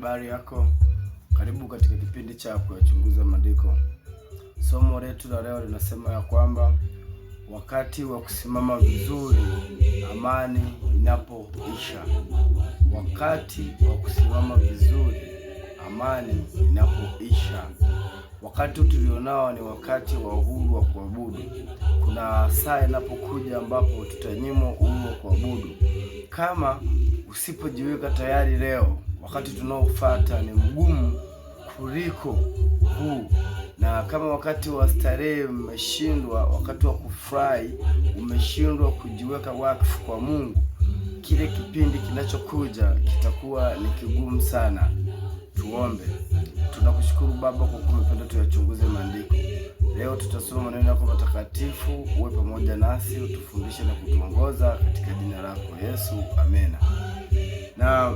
habari yako? Karibu katika kipindi cha kuyachunguza maandiko. Somo letu la leo linasema ya kwamba wakati wa kusimama vizuri amani inapoisha. Wakati wa kusimama vizuri amani inapoisha. Wakati tulionao ni wakati wa uhuru wa kuabudu. Kuna saa inapokuja ambapo tutanyimwa uhuru wa kuabudu. Kama usipojiweka tayari leo wakati tunaofuata ni mgumu kuliko huu, na kama wakati wa starehe umeshindwa wakati wa kufurahi umeshindwa kujiweka wakfu kwa Mungu, kile kipindi kinachokuja kitakuwa ni kigumu sana. Tuombe. Tunakushukuru Baba kwa kuwa tuyachunguze maandiko. Leo tutasoma maneno yako matakatifu. Uwe pamoja nasi, utufundishe na kutuongoza katika jina lako Yesu, amena na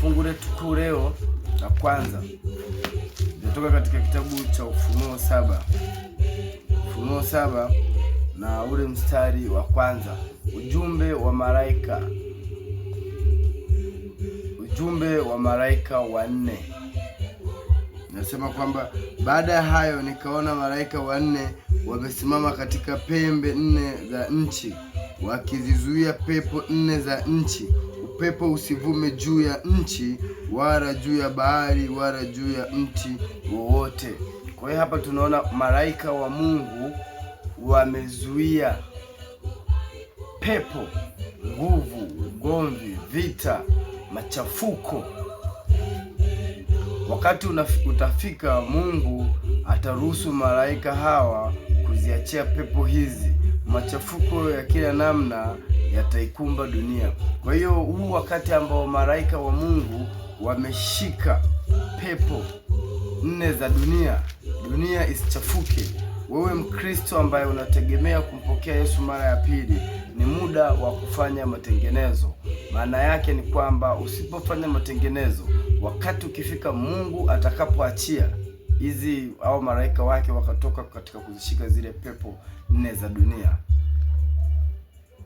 Fungu letu kuu leo la kwanza linatoka katika kitabu cha Ufunuo saba Ufunuo saba na ule mstari wa kwanza ujumbe wa malaika ujumbe wa malaika wanne nasema kwamba baada ya hayo nikaona malaika wanne wamesimama katika pembe nne za nchi wakizizuia pepo nne za nchi upepo usivume juu ya nchi wala juu ya bahari wala juu ya mti wowote. Kwa hiyo hapa tunaona malaika wa Mungu wamezuia pepo, nguvu, ugomvi, vita, machafuko. Wakati utafika, Mungu ataruhusu malaika hawa kuziachia pepo hizi, machafuko ya kila namna yataikumba dunia. Kwa hiyo huu wakati ambao malaika wa Mungu wameshika pepo nne za dunia, dunia isichafuke. Wewe Mkristo ambaye unategemea kumpokea Yesu mara ya pili, ni muda wa kufanya matengenezo. Maana yake ni kwamba usipofanya matengenezo, wakati ukifika, Mungu atakapoachia hizi au malaika wake wakatoka katika kuzishika zile pepo nne za dunia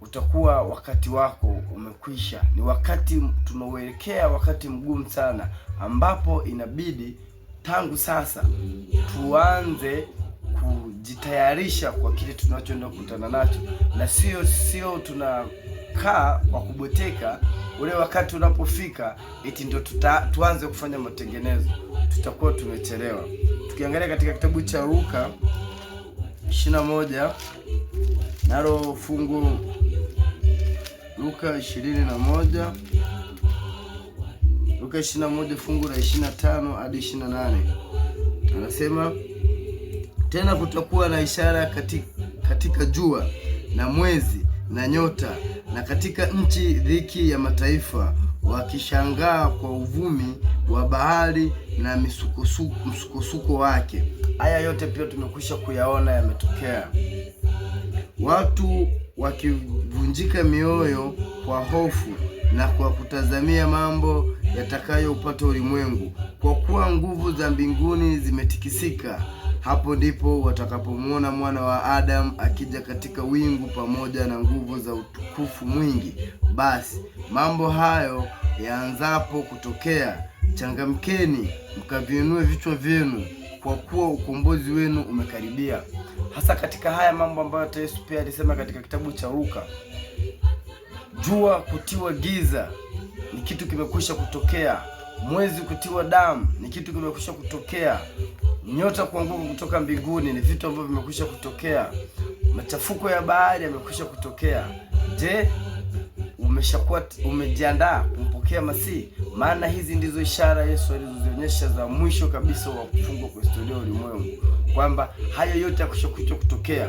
utakuwa wakati wako umekwisha. Ni wakati tunaoelekea, wakati mgumu sana, ambapo inabidi tangu sasa tuanze kujitayarisha kwa kile tunachoenda kukutana nacho, na sio sio tunakaa kwa kuboteka. Ule wakati unapofika eti ndio tuanze kufanya matengenezo, tutakuwa tumechelewa. Tukiangalia katika kitabu cha Luka 21 nalo fungu Luka moja Luka moja fungu la 25 hadi nane anasema tena kutakuwa na ishara katika, katika jua na mwezi na nyota na katika nchi dhiki ya mataifa, wakishangaa kwa uvumi wa bahari na msukosuko wake. Haya yote pia tumekwisha kuyaona yametokea, watu waki Vunjika mioyo kwa hofu na kwa kutazamia mambo yatakayoupata ulimwengu, kwa kuwa nguvu za mbinguni zimetikisika. Hapo ndipo watakapomwona Mwana wa Adamu akija katika wingu pamoja na nguvu za utukufu mwingi. Basi mambo hayo yaanzapo kutokea, changamkeni mkaviinue vichwa vyenu kwa kuwa ukombozi wenu umekaribia, hasa katika haya mambo ambayo hata Yesu pia alisema katika kitabu cha Luka. Jua kutiwa giza ni kitu kimekwisha kutokea, mwezi kutiwa damu ni kitu kimekwisha kutokea, nyota kuanguka kutoka mbinguni ni vitu ambavyo vimekwisha kutokea, machafuko ya bahari yamekwisha kutokea. Je, umeshakuwa umejiandaa kumpokea Masihi? Maana hizi ndizo ishara Yesu alizozionyesha za mwisho kabisa wa kufungwa kwa historia ya ulimwengu, kwamba hayo yote yakushakuja kutokea.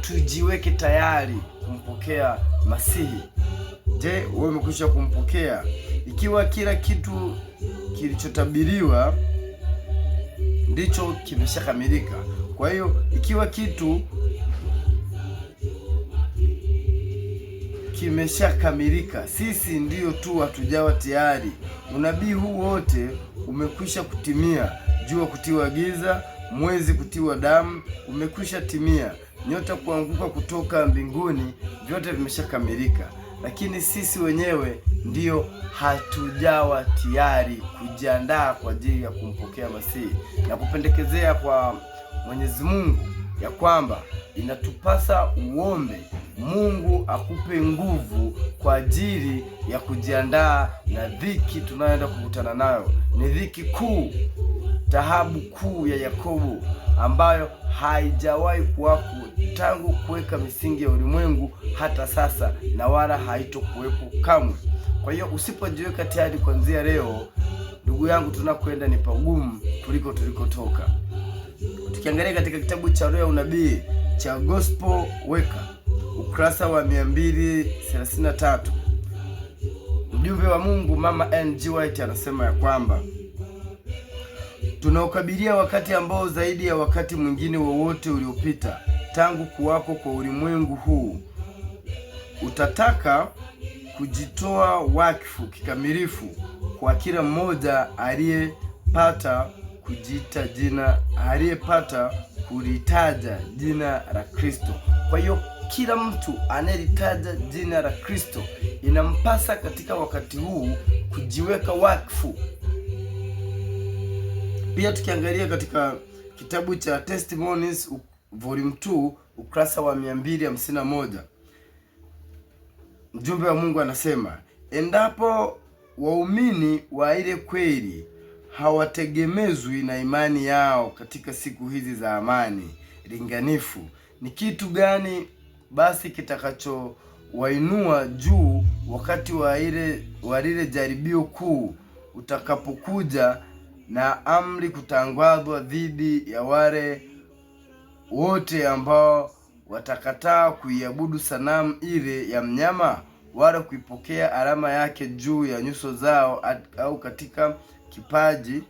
Tujiweke tayari kumpokea Masihi. Je, wewe umekwisha kumpokea? Ikiwa kila kitu kilichotabiriwa ndicho kimeshakamilika. Kwa hiyo ikiwa kitu kimeshakamilika, sisi ndiyo tu hatujawa tayari. Unabii huu wote umekwisha kutimia. Jua kutiwa giza, mwezi kutiwa damu umekwisha timia, nyota kuanguka kutoka mbinguni, vyote vimeshakamilika, lakini sisi wenyewe ndiyo hatujawa tayari kujiandaa kwa ajili ya kumpokea Masihi na kupendekezea kwa Mwenyezi Mungu ya kwamba inatupasa uombe Mungu akupe nguvu kwa ajili ya kujiandaa na dhiki tunayoenda kukutana nayo. Ni dhiki kuu, tahabu kuu ya Yakobo ambayo haijawahi kuwako tangu kuweka misingi ya ulimwengu hata sasa, na wala haitokuwepo kamwe. Kwa hiyo usipojiweka tayari kuanzia leo, ndugu yangu, tunakwenda ni pagumu kuliko tulikotoka. Tukiangalia katika kitabu cha roho ya unabii cha Gospel Weka ukurasa wa 233 mjumbe wa Mungu Mama NG White anasema ya kwamba tunaokabilia wakati ambao zaidi ya wakati mwingine wowote uliopita tangu kuwako kwa ulimwengu huu utataka kujitoa wakfu kikamilifu kwa kila mmoja aliyepata kujita jina, aliyepata kulitaja jina la Kristo. Kwa hiyo kila mtu anayelitaja jina la Kristo inampasa katika wakati huu kujiweka wakfu. Pia tukiangalia katika kitabu cha Testimonies volume 2 ukurasa wa 251 mjumbe wa Mungu anasema endapo waumini wa ile kweli hawategemezwi na imani yao katika siku hizi za amani linganifu. Ni kitu gani basi kitakachowainua juu wakati wa ile wa lile jaribio kuu utakapokuja na amri kutangazwa dhidi ya wale wote ambao watakataa kuiabudu sanamu ile ya mnyama wala kuipokea alama yake juu ya nyuso zao au katika kipaji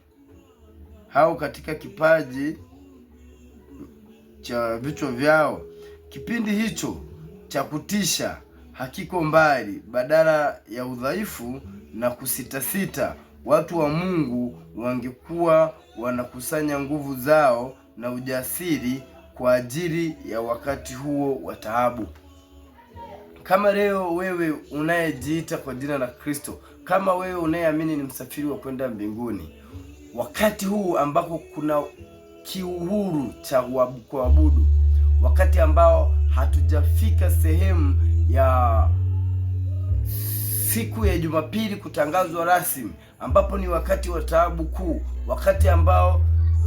au katika kipaji cha vichwa vyao. Kipindi hicho cha kutisha hakiko mbali. Badala ya udhaifu na kusitasita, watu wa Mungu wangekuwa wanakusanya nguvu zao na ujasiri kwa ajili ya wakati huo wa taabu. Kama leo wewe unayejiita kwa jina la Kristo kama wewe unayeamini ni msafiri wa kwenda mbinguni, wakati huu ambako kuna kiuhuru cha kuabudu, wakati ambao hatujafika sehemu ya siku ya Jumapili kutangazwa rasmi, ambapo ni wakati wa taabu kuu, wakati ambao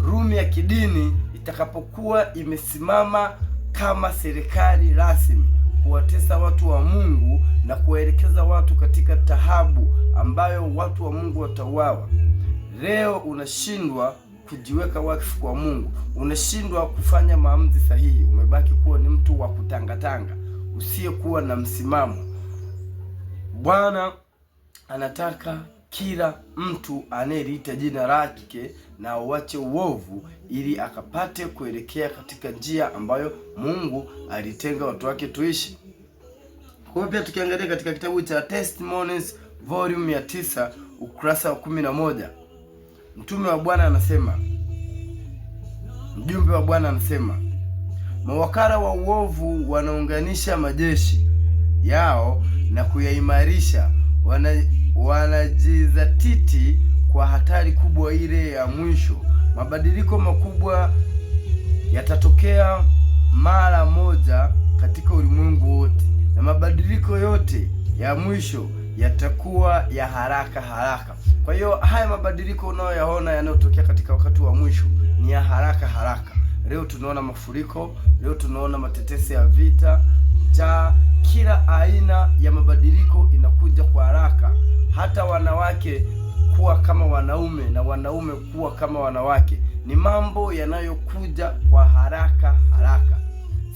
Rumi ya kidini itakapokuwa imesimama kama serikali rasmi kuwatesa watu wa Mungu na kuwaelekeza watu katika tahabu ambayo watu wa Mungu watauawa. Leo unashindwa kujiweka wakfu kwa Mungu, unashindwa kufanya maamuzi sahihi, umebaki kuwa ni mtu wa kutangatanga usiyekuwa na msimamo. Bwana anataka kila mtu anayeliita jina lake na auache uovu, ili akapate kuelekea katika njia ambayo Mungu alitenga watu wake tuishi. Kwa pia tukiangalia katika kitabu cha Testimonies volume ya tisa ukurasa wa kumi na moja mtume wa Bwana anasema, mjumbe wa Bwana anasema, mawakala wa uovu wanaunganisha majeshi yao na kuyaimarisha wana wanajizatiti kwa hatari kubwa ile ya mwisho. Mabadiliko makubwa yatatokea mara moja katika ulimwengu wote, na mabadiliko yote ya mwisho yatakuwa ya haraka haraka. Kwa hiyo haya mabadiliko unayoyaona yanayotokea katika wakati wa mwisho ni ya haraka haraka. Leo tunaona mafuriko, leo tunaona matetesi ya vita, njaa, kila aina ya mabadiliko inakuja kwa haraka hata wanawake kuwa kama wanaume na wanaume kuwa kama wanawake ni mambo yanayokuja kwa haraka haraka.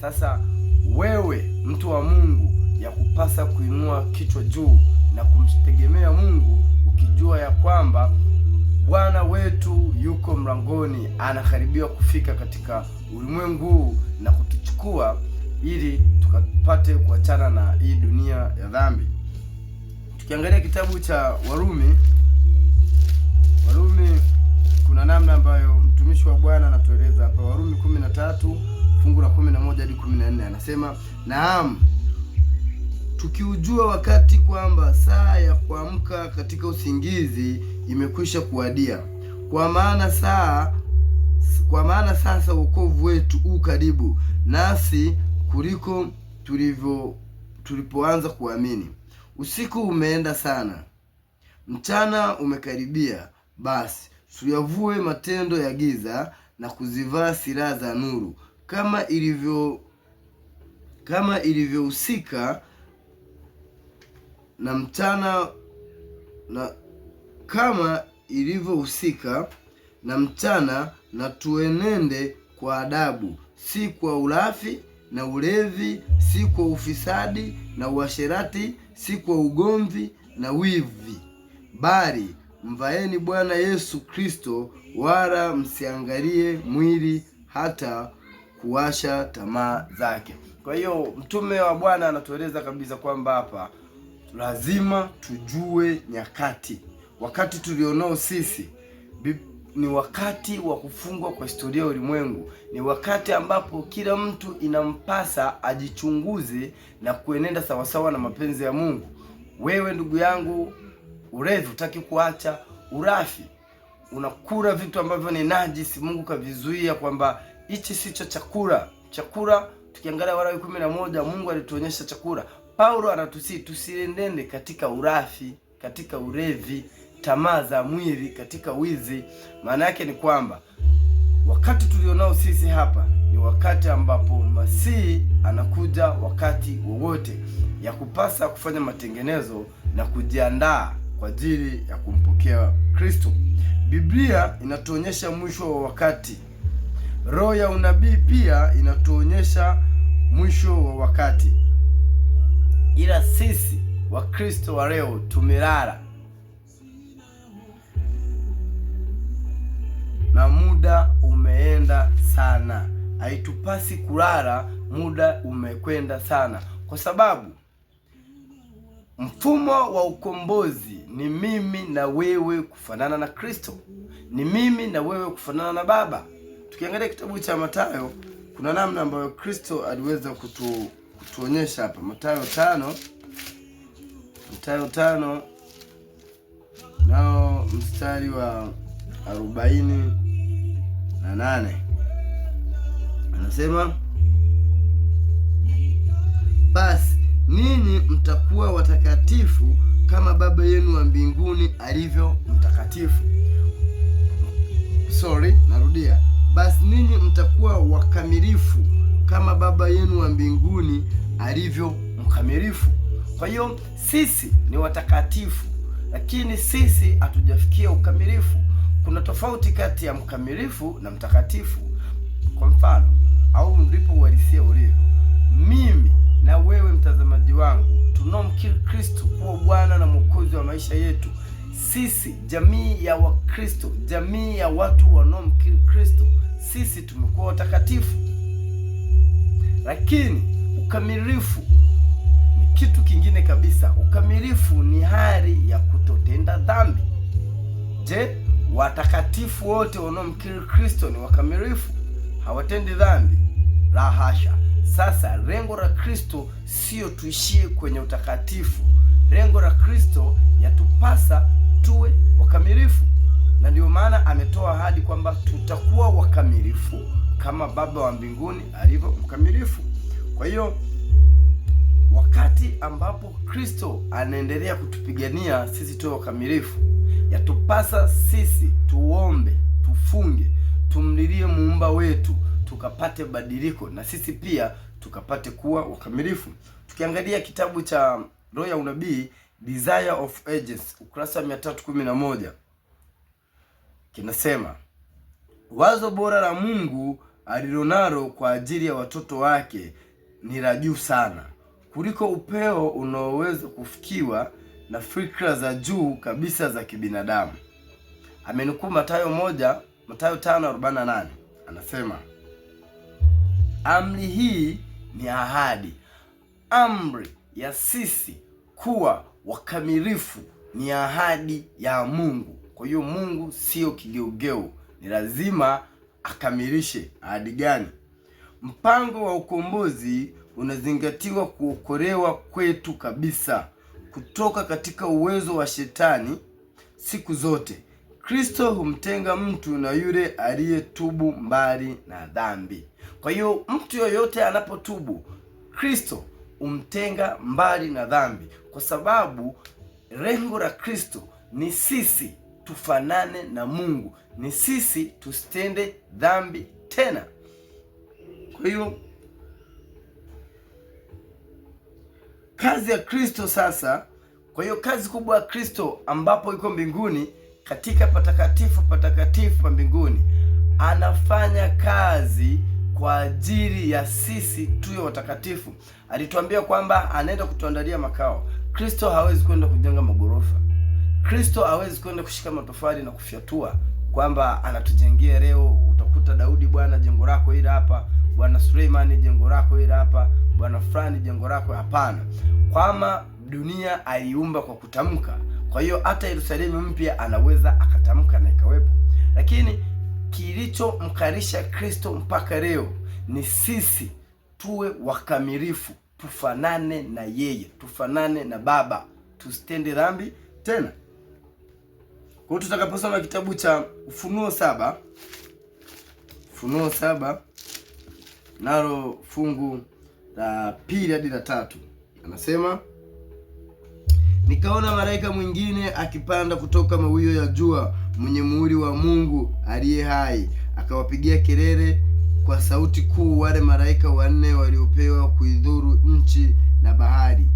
Sasa wewe mtu wa Mungu, ya kupasa kuinua kichwa juu na kumtegemea Mungu, ukijua ya kwamba Bwana wetu yuko mlangoni, anakaribia kufika katika ulimwengu na kutuchukua ili tukapate kuachana na hii dunia ya dhambi. Ukiangalia kitabu cha Warumi, Warumi kuna namna ambayo mtumishi wa Bwana anatueleza hapa, Warumi 13 fungu la 11 hadi 14, anasema naam, tukiujua wakati kwamba saa ya kuamka katika usingizi imekwisha kuwadia, kwa maana saa kwa maana sasa wokovu wetu u karibu nasi kuliko tulivyo tulipoanza kuamini. Usiku umeenda sana, mchana umekaribia. Basi tuyavue matendo ya giza na kuzivaa silaha za nuru, kama ilivyo kama ilivyohusika na mchana na kama ilivyohusika na mchana, na tuenende kwa adabu, si kwa ulafi na ulevi, si kwa ufisadi na uasherati, si kwa ugomvi na wivi, bali mvaeni Bwana Yesu Kristo, wala msiangalie mwili hata kuwasha tamaa zake. Kwa hiyo mtume wa Bwana anatueleza kabisa kwamba hapa lazima tujue nyakati, wakati tulionao sisi ni wakati wa kufungwa kwa historia ya ulimwengu. Ni wakati ambapo kila mtu inampasa ajichunguze na kuenenda sawasawa na mapenzi ya Mungu. Wewe ndugu yangu, ulevi utaki kuacha, urafi unakula vitu ambavyo ni najisi, Mungu kavizuia kwamba hichi sicho chakula. Chakula tukiangalia Warawi kumi na moja, Mungu alituonyesha chakula. Paulo anatusi tusiendende katika urafi, katika ulevi tamaa za mwili katika wizi. Maana yake ni kwamba wakati tulionao sisi hapa ni wakati ambapo Masihi anakuja wakati wowote, ya kupasa kufanya matengenezo na kujiandaa kwa ajili ya kumpokea Kristo. Biblia inatuonyesha mwisho wa wakati. Roho ya unabii pia inatuonyesha mwisho wa wakati, ila sisi Wakristo wa leo tumelala. na muda umeenda sana. Haitupasi kulala, muda umekwenda sana, kwa sababu mfumo wa ukombozi ni mimi na wewe kufanana na Kristo, ni mimi na wewe kufanana na Baba. Tukiangalia kitabu cha Mathayo, kuna namna ambayo Kristo aliweza kutu, kutuonyesha hapa. Mathayo tano, Mathayo tano nao mstari wa arobaini na nane anasema basi ninyi mtakuwa watakatifu kama Baba yenu wa mbinguni alivyo mtakatifu. Sorry, narudia. Basi ninyi mtakuwa wakamilifu kama Baba yenu wa mbinguni alivyo mkamilifu. Kwa hiyo sisi ni watakatifu, lakini sisi hatujafikia ukamilifu kuna tofauti kati ya mkamilifu na mtakatifu. Kwa mfano, au ndipo uhalisia ulivyo. Mimi na wewe mtazamaji wangu tunaomkiri Kristo kuwa Bwana na Mwokozi wa maisha yetu. Sisi jamii ya Wakristo, jamii ya watu wanaomkiri Kristo, sisi tumekuwa watakatifu. Lakini ukamilifu ni kitu kingine kabisa. Ukamilifu ni hali ya kutotenda dhambi. Je, watakatifu wote wanaomkiri Kristo ni wakamilifu, hawatendi dhambi? La hasha! Sasa lengo la Kristo sio tuishie kwenye utakatifu. Lengo la Kristo yatupasa tuwe wakamilifu, na ndiyo maana ametoa ahadi kwamba tutakuwa wakamilifu kama Baba wa mbinguni alivyo mkamilifu. Kwa hiyo wakati ambapo Kristo anaendelea kutupigania sisi tuwe wakamilifu yatupasa sisi tuombe, tufunge, tumlilie muumba wetu tukapate badiliko na sisi pia tukapate kuwa wakamilifu. Tukiangalia kitabu cha Roho ya Unabii Desire of Ages ukurasa wa 311 kinasema wazo bora la Mungu alilonalo kwa ajili ya watoto wake ni la juu sana kuliko upeo unaoweza kufikiwa na fikra za juu kabisa za kibinadamu. Amenukuu Mathayo moja Mathayo anasema amri hii ni ahadi. Amri ya sisi kuwa wakamilifu ni ahadi ya Mungu. Kwa hiyo Mungu sio kigeugeu, ni lazima akamilishe ahadi gani? Mpango wa ukombozi unazingatiwa kuokolewa kwetu kabisa kutoka katika uwezo wa shetani siku zote. Kristo humtenga mtu na yule aliyetubu mbali na dhambi. Kwa hiyo mtu yoyote anapotubu, Kristo humtenga mbali na dhambi, kwa sababu lengo la Kristo ni sisi tufanane na Mungu, ni sisi tusitende dhambi tena. Kwa hiyo kazi ya Kristo sasa. Kwa hiyo kazi kubwa ya Kristo ambapo iko mbinguni katika patakatifu patakatifu pa mbinguni, anafanya kazi kwa ajili ya sisi tuyo watakatifu. Alituambia kwamba anaenda kutuandalia makao. Kristo hawezi kwenda kujenga magorofa. Kristo hawezi kwenda kushika matofali na kufyatua kwamba anatujengia leo. Utakuta Daudi, Bwana jengo lako hili hapa, Bwana Suleimani jengo lako hili hapa bwana fulani jengo lako, hapana. Kwama dunia aliumba kwa kutamka. Kwa hiyo hata Yerusalemu mpya anaweza akatamka na ikawepo, lakini kilichomkarisha Kristo mpaka leo ni sisi tuwe wakamilifu, tufanane na yeye, tufanane na Baba, tusitende dhambi tena. Kwa hiyo tutakaposoma kitabu cha Ufunuo saba Ufunuo saba nalo fungu la pili hadi la tatu anasema Nikaona malaika mwingine akipanda kutoka mawio ya jua, mwenye muhuri wa Mungu aliye hai, akawapigia kelele kwa sauti kuu wale malaika wanne waliopewa kuidhuru nchi na bahari,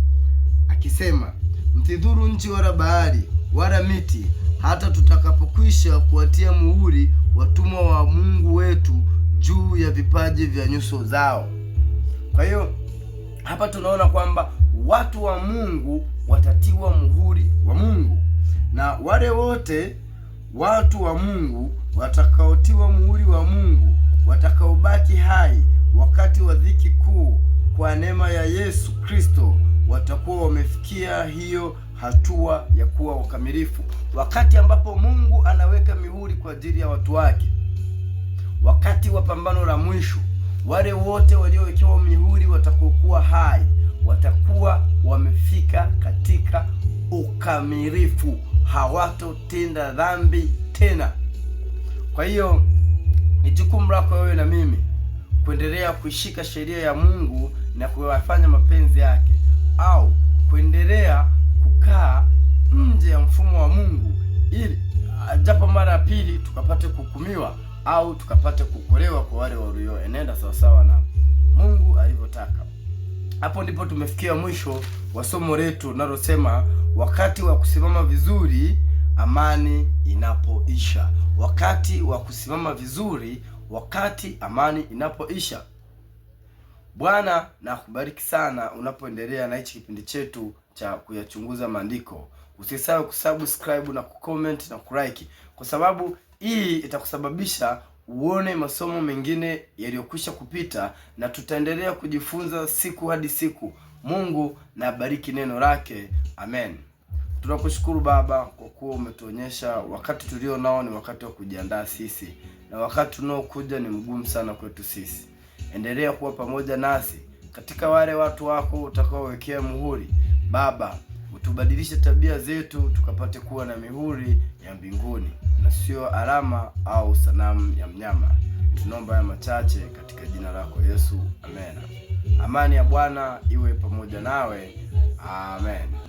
akisema, msidhuru nchi wala bahari wala miti, hata tutakapokwisha kuwatia muhuri watumwa wa Mungu wetu juu ya vipaji vya nyuso zao. Kwa hiyo hapa tunaona kwamba watu wa Mungu watatiwa muhuri wa Mungu, na wale wote watu wa Mungu watakaotiwa muhuri wa Mungu, watakaobaki hai wakati wa dhiki kuu kwa neema ya Yesu Kristo, watakuwa wamefikia hiyo hatua ya kuwa wakamilifu, wakati ambapo Mungu anaweka mihuri kwa ajili ya watu wake, wakati wa pambano la mwisho. Wale wote waliowekewa mihuri watakokuwa hai watakuwa wamefika katika ukamilifu, hawatotenda dhambi tena. Kwa hiyo ni jukumu lako wewe na mimi kuendelea kuishika sheria ya Mungu na kuyafanya mapenzi yake, au kuendelea kukaa nje ya mfumo wa Mungu ili japo mara ya pili tukapate kuhukumiwa au tukapata kuokolewa kwa wale walioenenda eh, sawasawa na Mungu alivyotaka. Hapo ndipo tumefikia mwisho wa somo letu linalosema wakati wa kusimama vizuri amani inapoisha. Wakati wa kusimama vizuri, wakati amani inapoisha. Bwana nakubariki sana unapoendelea na hichi kipindi chetu cha kuyachunguza maandiko. Usisahau kusubscribe na kucomment na kulike kwa sababu hii itakusababisha uone masomo mengine yaliyokwisha kupita, na tutaendelea kujifunza siku hadi siku. Mungu na bariki neno lake, amen. Tunakushukuru Baba kwa kuwa umetuonyesha wakati tulio nao ni wakati wa kujiandaa sisi, na wakati unaokuja ni mgumu sana kwetu sisi. Endelea kuwa pamoja nasi katika wale watu wako utakaowekea muhuri. Baba, utubadilishe tabia zetu tukapate kuwa na mihuri ya mbinguni na sio alama au sanamu ya mnyama. Tunaomba haya machache katika jina lako Yesu, amen. Amani ya Bwana iwe pamoja nawe, amen.